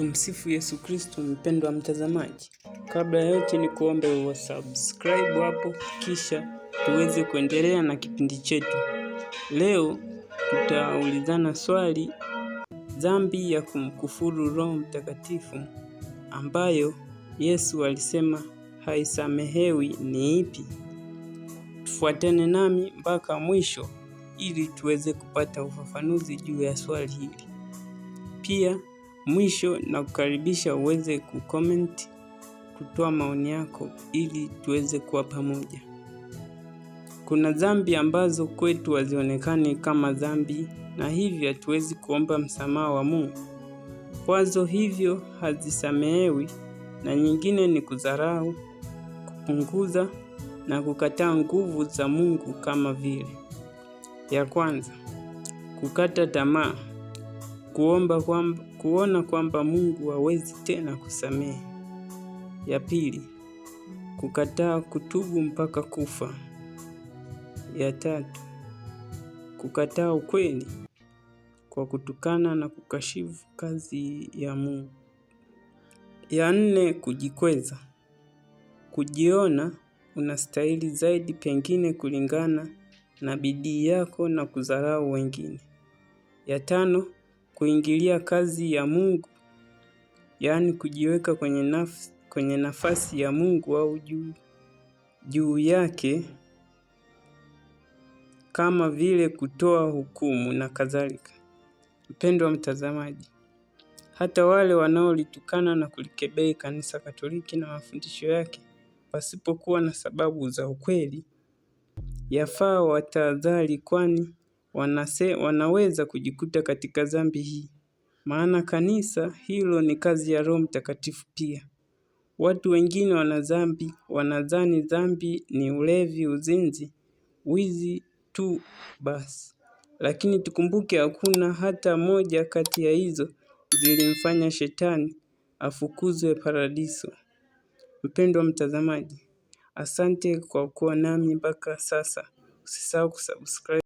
Tumsifu Yesu Kristo, mpendwa mtazamaji. Kabla ya yote ni kuombe wa subscribe hapo, kisha tuweze kuendelea na kipindi chetu. Leo tutaulizana swali, dhambi ya kumkufuru Roho Mtakatifu ambayo Yesu alisema haisamehewi ni ipi? Tufuatane nami mpaka mwisho ili tuweze kupata ufafanuzi juu ya swali hili. Pia Mwisho na kukaribisha uweze kucomment, kutoa maoni yako ili tuweze kuwa pamoja. Kuna dhambi ambazo kwetu hazionekani kama dhambi na hivyo hatuwezi kuomba msamaha wa Mungu. Kwazo hivyo hazisamehewi na nyingine ni kudharau, kupunguza na kukataa nguvu za Mungu kama vile. Ya kwanza, kukata tamaa kuomba kwamba, kuona kwamba Mungu hawezi tena kusamehe. Ya pili, kukataa kutubu mpaka kufa. Ya tatu, kukataa ukweli kwa kutukana na kukashifu kazi ya Mungu. Ya nne, kujikweza, kujiona unastahili zaidi pengine kulingana na bidii yako na kudharau wengine. Ya tano, kuingilia kazi ya Mungu, yaani kujiweka kwenye, nafsi, kwenye nafasi ya Mungu au juu, juu yake kama vile kutoa hukumu na kadhalika. Mpendwa mtazamaji, hata wale wanaolitukana na kulikebei Kanisa Katoliki na mafundisho yake pasipokuwa na sababu za ukweli, yafaa watahadhari, kwani wanase, wanaweza kujikuta katika dhambi hii, maana kanisa hilo ni kazi ya Roho Mtakatifu pia. Watu wengine wana dhambi, wanadhani dhambi ni ulevi, uzinzi, wizi tu basi, lakini tukumbuke hakuna hata moja kati ya hizo zilimfanya shetani afukuzwe paradiso. Mpendwa mtazamaji, asante kwa kuwa nami mpaka sasa. Usisahau kusubscribe.